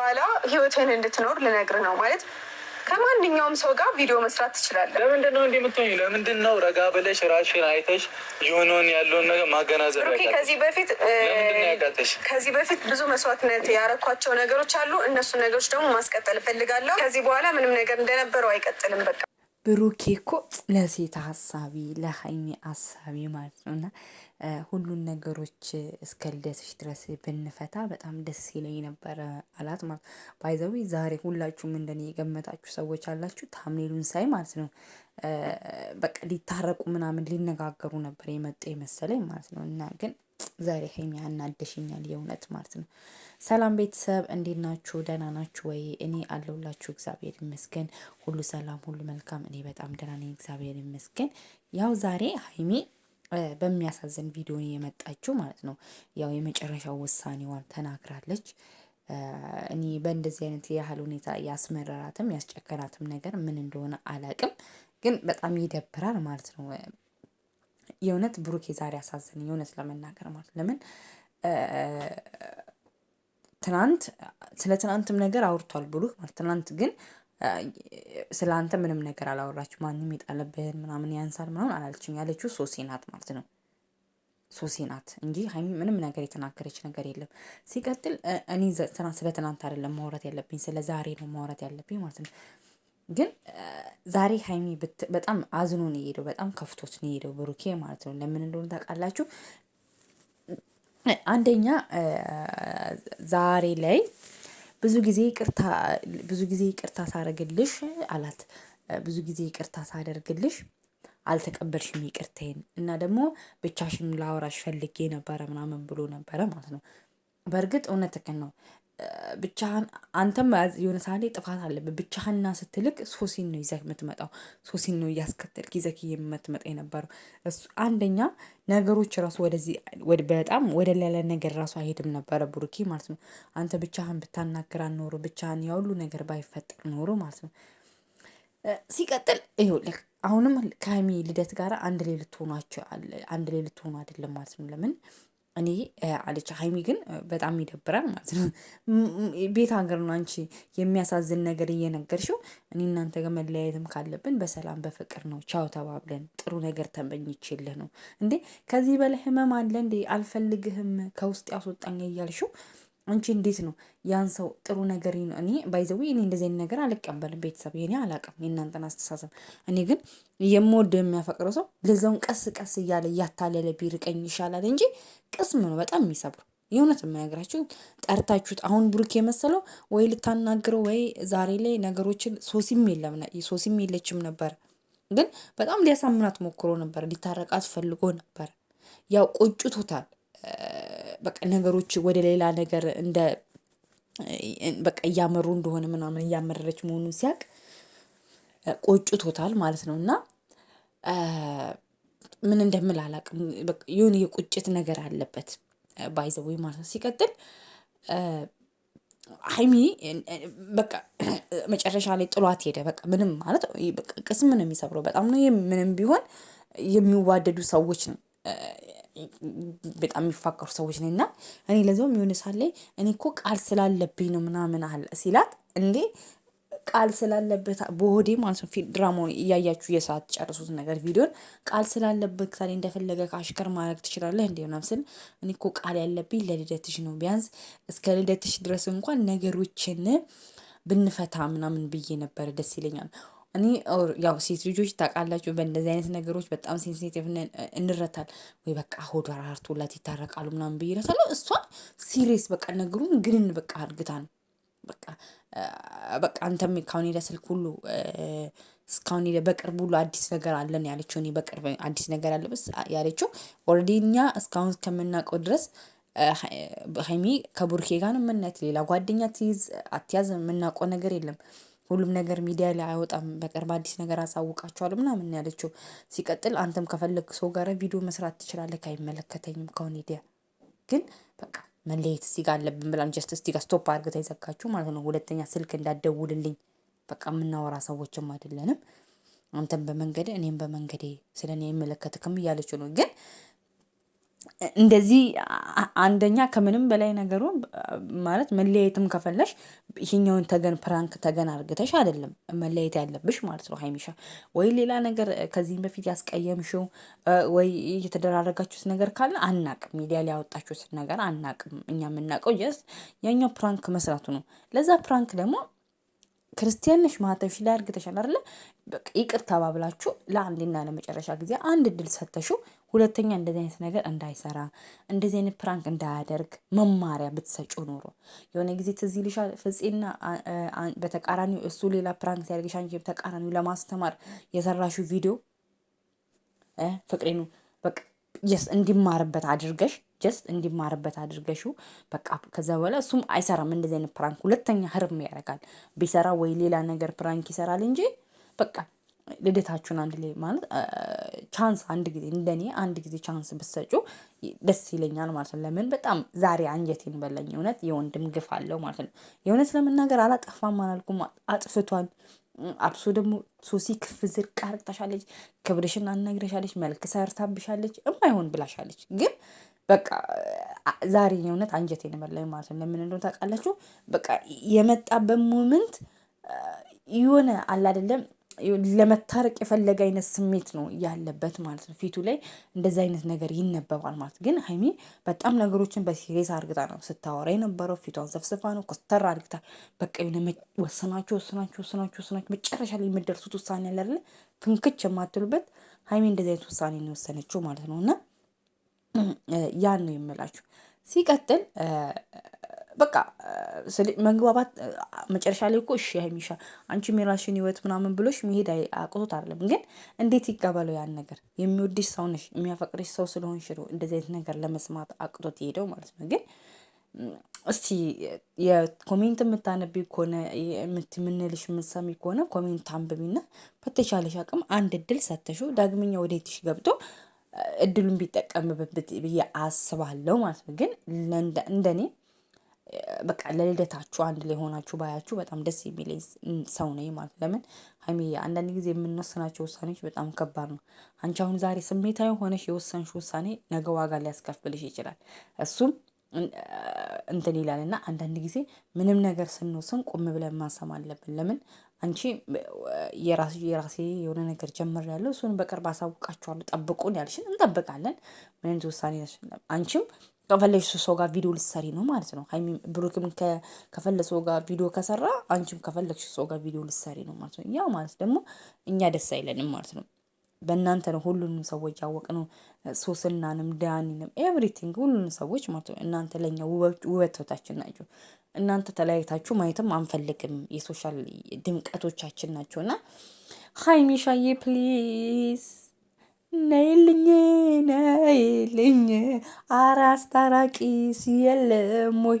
በኋላ ህይወትን እንድትኖር ልነግር ነው ማለት ከማንኛውም ሰው ጋር ቪዲዮ መስራት ትችላለህ። ለምንድን ነው እንዲህ ለምንድን ነው ረጋ ብለሽ ራሽን አይተሽ የሆነውን ያለውን ነገር ማገናዘብ ከዚህ በፊት ከዚህ በፊት ብዙ መስዋዕትነት ያረኳቸው ነገሮች አሉ። እነሱን ነገሮች ደግሞ ማስቀጠል እፈልጋለሁ። ከዚህ በኋላ ምንም ነገር እንደነበረው አይቀጥልም። በቃ ብሩኬ እኮ ለሴት ሀሳቢ ለሀይሚ ሀሳቢ ማለት ነው። እና ሁሉን ነገሮች እስከ ልደትሽ ድረስ ብንፈታ በጣም ደስ ይለኝ ነበረ አላት ማለት ባይዘዊ። ዛሬ ሁላችሁም እንደኔ የገመታችሁ ሰዎች አላችሁ። ታምሌሉን ሳይ ማለት ነው በቃ ሊታረቁ ምናምን ሊነጋገሩ ነበር የመጡ የመሰለኝ ማለት ነው እና ግን ዛሬ ሀይሚ ያናደሽኛል የእውነት ማለት ነው። ሰላም ቤተሰብ እንዴት ናችሁ? ደህና ናችሁ ወይ? እኔ አለሁላችሁ እግዚአብሔር ይመስገን። ሁሉ ሰላም፣ ሁሉ መልካም። እኔ በጣም ደህና ነኝ እግዚአብሔር ይመስገን። ያው ዛሬ ሀይሚ በሚያሳዝን ቪዲዮ የመጣችው ማለት ነው። ያው የመጨረሻው ውሳኔዋን ተናግራለች። እኔ በእንደዚህ አይነት ያህል ሁኔታ ያስመረራትም ያስጨከራትም ነገር ምን እንደሆነ አላቅም፣ ግን በጣም ይደብራል ማለት ነው። የእውነት ብሩኬ ዛሬ አሳዘነኝ። የእውነት ለመናገር ማለት ለምን ትናንት ስለ ትናንትም ነገር አውርቷል ብሩክ ማለት ትናንት ግን ስለ አንተ ምንም ነገር አላወራችሁ። ማንም የጣለብህን ምናምን ያንሳል ምናምን አላለችም። ያለችው ሶሴ ናት ማለት ነው። ሶሴ ናት እንጂ ሀይሚ ምንም ነገር የተናገረች ነገር የለም። ሲቀጥል እኔ ስለ ትናንት አይደለም ማውራት ያለብኝ፣ ስለ ዛሬ ነው ማውራት ያለብኝ ማለት ነው። ግን ዛሬ ሀይሚ በጣም አዝኖ ነው የሄደው። በጣም ከፍቶት ነው የሄደው ብሩኬ ማለት ነው። ለምን እንደሆነ ታውቃላችሁ? አንደኛ ዛሬ ላይ ብዙ ጊዜ ይቅርታ ብዙ ጊዜ ይቅርታ ሳደርግልሽ አላት። ብዙ ጊዜ ይቅርታ ሳደርግልሽ አልተቀበልሽም ይቅርታዬን እና ደግሞ ብቻሽን ላወራሽ ፈልጌ ነበረ ምናምን ብሎ ነበረ ማለት ነው። በእርግጥ እውነት ነው ብቻህን አንተም የሆነ ሰዓት ላይ ጥፋት አለብህ። ብቻህና ስትልቅ ሶሲን ነው ይዘህ የምትመጣው፣ ሶሲን ነው እያስከተልክ ይዘህ የምትመጣ የነበረው። እሱ አንደኛ ነገሮች ራሱ ወደዚህ በጣም ወደ ሌላ ነገር ራሱ አይሄድም ነበረ ብሩኬ ማለት ነው። አንተ ብቻህን ብታናገር ኖሮ ብቻህን ያሁሉ ነገር ባይፈጠር ኖሮ ማለት ነው። ሲቀጥል ይኸውልህ አሁንም ከሀይሚ ልደት ጋር አንድ ላይ ልትሆኑ አንድ ላይ ልትሆኑ አይደለም ማለት ነው ለምን እኔ አለች ሀይሚ ግን በጣም ይደብራል ማለት ነው። ቤት ሀገር ነው አንቺ የሚያሳዝን ነገር እየነገርሽው። እኔ እናንተ ጋር መለያየትም ካለብን በሰላም በፍቅር ነው ቻው ተባብለን ጥሩ ነገር ተመኝቼልህ ነው እንዴ። ከዚህ በላይ ህመም አለ እንዴ? አልፈልግህም ከውስጥ ያስወጣኝ እያልሽው አንቺ እንዴት ነው ያን ሰው ጥሩ ነገር እኔ ባይዘዊ እኔ እንደዚህ ነገር አልቀበልም። ቤተሰብ የኔ አላቅም የእናንተን አስተሳሰብ። እኔ ግን የምወደው የሚያፈቅረው ሰው ለዛውን ቀስ ቀስ እያለ እያታለለ ቢርቀኝ ይሻላል እንጂ ቅስም ነው በጣም የሚሰብረው። የእውነት የምነግራችሁ ጠርታችሁት አሁን ብሩክ የመሰለው ወይ ልታናግረው ወይ ዛሬ ላይ ነገሮችን ሶሲም የለም ሶሲም የለችም ነበር፣ ግን በጣም ሊያሳምናት ሞክሮ ነበር፣ ሊታረቃት ፈልጎ ነበር። ያው ቆጭቶታል ነገሮች ወደ ሌላ ነገር እንደ በቃ እያመሩ እንደሆነ ምናምን እያመረረች መሆኑን ሲያቅ ቆጭቶታል ማለት ነው። እና ምን እንደምል አላቅም። የሆነ የቁጭት ነገር አለበት ባይዘዌ ማለት ነው። ሲቀጥል ሀይሚ በቃ መጨረሻ ላይ ጥሏት ሄደ። በቃ ምንም ማለት ቅስም ነው የሚሰብረው። በጣም ነው ምንም ቢሆን የሚዋደዱ ሰዎች ነው በጣም የሚፋቀሩ ሰዎች ነኝ እና እኔ ለዚያውም የሆነ ሳለ እኔ እኮ ቃል ስላለብኝ ነው ምናምን አለ ሲላት እንዴ ቃል ስላለበት በሆዴ ማለት ነው። ድራማውን እያያችሁ የሰዓት ጨርሱት ነገር ቪዲዮን ቃል ስላለበት ሳሌ እንደፈለገ ከአሽከር ማድረግ ትችላለህ እንዲ ናምስል እኔ እኮ ቃል ያለብኝ ለልደትሽ ነው። ቢያንስ እስከ ልደትሽ ድረስ እንኳን ነገሮችን ብንፈታ ምናምን ብዬ ነበረ። ደስ ይለኛል። እኔ ያው ሴት ልጆች ታውቃላችሁ፣ በእንደዚህ አይነት ነገሮች በጣም ሴንሲቲቭ እንረታል ወይ በቃ ሆዷ አራርቶላት ይታረቃሉ ምናምን ብዬ እላታለሁ። እሷ ሲሪየስ በቃ ነገሩን ግንን በቃ አድግታ ነው በቃ በቃ አንተም ካሁን ሄደ ስልክ ሁሉ እስካሁን ሄደ በቅርብ ሁሉ አዲስ ነገር አለን ያለችው እኔ በቅርብ አዲስ ነገር አለ ብስ ያለችው ኦልሬዲ እኛ እስካሁን ከምናውቀው ድረስ ሀይሚ ከቡርኬ ጋር ነው የምናያት። ሌላ ጓደኛ ትይዝ አትያዝ የምናውቀው ነገር የለም። ሁሉም ነገር ሚዲያ ላይ አይወጣም፣ በቅርብ አዲስ ነገር አሳውቃቸዋል ምናምን ያለችው። ሲቀጥል አንተም ከፈለግ ሰው ጋር ቪዲዮ መስራት ትችላለህ፣ አይመለከተኝም ከሁኔታ ግን በቃ መለየት እዚህ ጋር አለብን ብላን ጀስት እስቲ ጋር ስቶፕ አድርገታ ይዘጋችሁ ማለት ነው። ሁለተኛ ስልክ እንዳደውልልኝ በቃ የምናወራ ሰዎችም አይደለንም። አንተም በመንገድ እኔም በመንገዴ ስለ እኔ አይመለከትክም እያለችው ነው ግን እንደዚህ አንደኛ ከምንም በላይ ነገሩ ማለት መለያየትም ከፈለሽ ይሄኛውን ተገን ፕራንክ ተገን አርግተሽ አይደለም መለያየት ያለብሽ ማለት ነው ሀይሚሻ። ወይ ሌላ ነገር ከዚህም በፊት ያስቀየምሽው ወይ እየተደራረጋችሁት ነገር ካለ አናቅም። ሚዲያ ላይ ያወጣችሁት ነገር አናቅም። እኛ የምናውቀው ጀስት ያኛው ፕራንክ መስራቱ ነው። ለዛ ፕራንክ ደግሞ ክርስቲያን ክርስቲያንሽ ማህተብሽ ላይ አርግተሻል አይደለ? ይቅር ተባብላችሁ ለአንዴና ለመጨረሻ ጊዜ አንድ እድል ሰተሽው ሁለተኛ እንደዚህ አይነት ነገር እንዳይሰራ እንደዚህ አይነት ፕራንክ እንዳያደርግ መማሪያ ብትሰጩ ኖሮ የሆነ ጊዜ ትዝ ይልሻል፣ ፍፄና በተቃራኒው እሱ ሌላ ፕራንክ ሲያደርግሽ አንቺ በተቃራኒው ለማስተማር የሰራሽው ቪዲዮ ፍቅሬኑ በቃ ጀስት እንዲማርበት አድርገሽ ጀስት እንዲማርበት አድርገሹ በቃ ከዛ በኋላ እሱም አይሰራም። እንደዚህ አይነት ፕራንክ ሁለተኛ ህርም ያደርጋል። ቢሰራ ወይ ሌላ ነገር ፕራንክ ይሰራል እንጂ በቃ ልደታችሁን አንድ ላይ ማለት ቻንስ አንድ ጊዜ እንደኔ አንድ ጊዜ ቻንስ ብሰጩ ደስ ይለኛል ማለት ነው። ለምን በጣም ዛሬ አንጀቴን በላኝ። እውነት የወንድም ግፍ አለው ማለት ነው። የእውነት ለመናገር አላጠፋም አላልኩም፣ አጥፍቷል አብሶ ደግሞ ሶሲ ክፍ ዝርቅ አርግታሻለች፣ ክብርሽን አናግረሻለች፣ መልክ ሰርታብሻለች፣ እማይሆን ብላሻለች። ግን በቃ ዛሬ የእውነት አንጀቴን በላኝ ማለት ነው። ለምን እንደሆነ ታውቃላችሁ? በቃ የመጣበት ሞመንት የሆነ አለ አይደለም ለመታረቅ የፈለገ አይነት ስሜት ነው ያለበት ማለት ነው። ፊቱ ላይ እንደዚ አይነት ነገር ይነበባል ማለት ግን ሀይሚ በጣም ነገሮችን በሲሪየስ አርግታ ነው ስታወራ የነበረው። ፊቷን ዘፍስፋ ነው ኮስተር አርግታ በቃ የሆነ ወሰናችሁ ወሰናችሁ ወሰናችሁ ወሰናችሁ መጨረሻ ላይ የምደርሱት ውሳኔ አለ ትንክች የማትሉበት ሀይሚ እንደዚ አይነት ውሳኔ ነው የወሰነችው ማለት ነው። እና ያን ነው የምላችሁ። ሲቀጥል በቃ መግባባት መጨረሻ ላይ እኮ እሺ ሀይሚሻ አንቺ የራስሽን ህይወት ምናምን ብሎሽ መሄድ አቅቶት አይደለም፣ ግን እንዴት ይቀበለው ያን ነገር? የሚወድሽ ሰው ነሽ፣ የሚያፈቅርሽ ሰው ስለሆንሽ ነው እንደዚህ አይነት ነገር ለመስማት አቅቶት ሄደው ማለት ነው። ግን እስቲ የኮሜንት የምታነቢ ከሆነ የምንልሽ የምትሰሚ ከሆነ ኮሜንት አንብቢና በተቻለሽ አቅም አንድ እድል ሰተሹ ዳግመኛ ወደ ቤትሽ ገብቶ እድሉን ቢጠቀምበት ብዬ አስባለሁ ማለት ነው። ግን እንደኔ በቃ ለልደታችሁ አንድ ላይ ሆናችሁ ባያችሁ በጣም ደስ የሚለኝ ሰው ነኝ ማለት ለምን ሀይሚ አንዳንድ ጊዜ የምንወስናቸው ውሳኔዎች በጣም ከባድ ነው። አንቺ አሁን ዛሬ ስሜታዊ ሆነሽ የወሰንሽ ውሳኔ ነገ ዋጋ ሊያስከፍልሽ ይችላል። እሱም እንትን ይላል እና አንዳንድ ጊዜ ምንም ነገር ስንወስን ቁም ብለን ማሰብ አለብን። ለምን አንቺ የራሴ የሆነ ነገር ጀምሬያለሁ እሱን በቅርብ አሳውቃችኋለሁ ጠብቁን ያልሽን እንጠብቃለን። ምንም ውሳኔ አንቺም ከፈለግሽው ሰው ጋር ቪዲዮ ልትሰሪ ነው ማለት ነው። ሀይሚ ብሩክም ከፈለ ሰው ጋር ቪዲዮ ከሰራ አንቺም ከፈለግሽው ሰው ጋር ቪዲዮ ልትሰሪ ነው ማለት ነው። ያ ማለት ደግሞ እኛ ደስ አይለንም ማለት ነው። በእናንተ ነው ሁሉንም ሰዎች ነው። ሶስናንም፣ ዳኒንም፣ ኤቭሪቲንግ ሁሉንም ሰዎች ማለት ነው። እናንተ ለእኛ ውበቶታችን ናቸው። እናንተ ተለያይታችሁ ማየትም አንፈልግም። የሶሻል ድምቀቶቻችን ናቸው እና ሀይሚሻዬ ፕሊዝ ነይልኝ ነይልኝ አራስ ታራቂስ የለም ወይ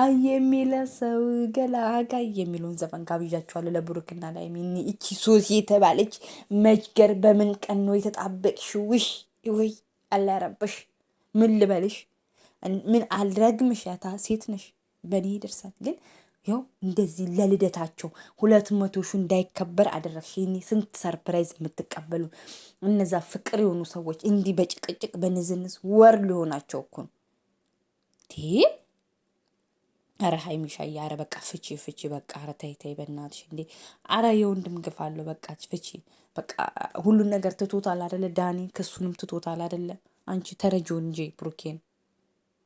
አይ የሚለ ሰው ገላጋይ የሚለውን ዘፈን ጋብዣችኋለሁ። ለብሩክና ላይ ሚኒ እቺ ሶሲ የተባለች መጅገር በምን ቀን ነው የተጣበቅሽ? ውሽ ወይ አላረበሽ ምን ልበልሽ? ምን አልረግምሽ? ያታ ሴት ነሽ። በእኔ ይደርሳል ግን ያው እንደዚህ ለልደታቸው ሁለት መቶ ሺ እንዳይከበር አደረግሽ። ይህኔ ስንት ሰርፕራይዝ የምትቀበሉ እነዛ ፍቅር የሆኑ ሰዎች እንዲህ በጭቅጭቅ በንዝንዝ ወር ሊሆናቸው እኮ ነው። አረ ሀይሚሻዬ፣ አረ በቃ ፍቺ ፍቺ፣ በቃ አረ ተይ ተይ፣ በእናትሽ እንዴ! አረ የወንድም ግፍ አለው። በቃ ፍቺ፣ በቃ ሁሉን ነገር ትቶታል አደለ? ዳኒ ክሱንም ትቶታል አደለ? አንቺ ተረጂው እንጂ ብሩኬን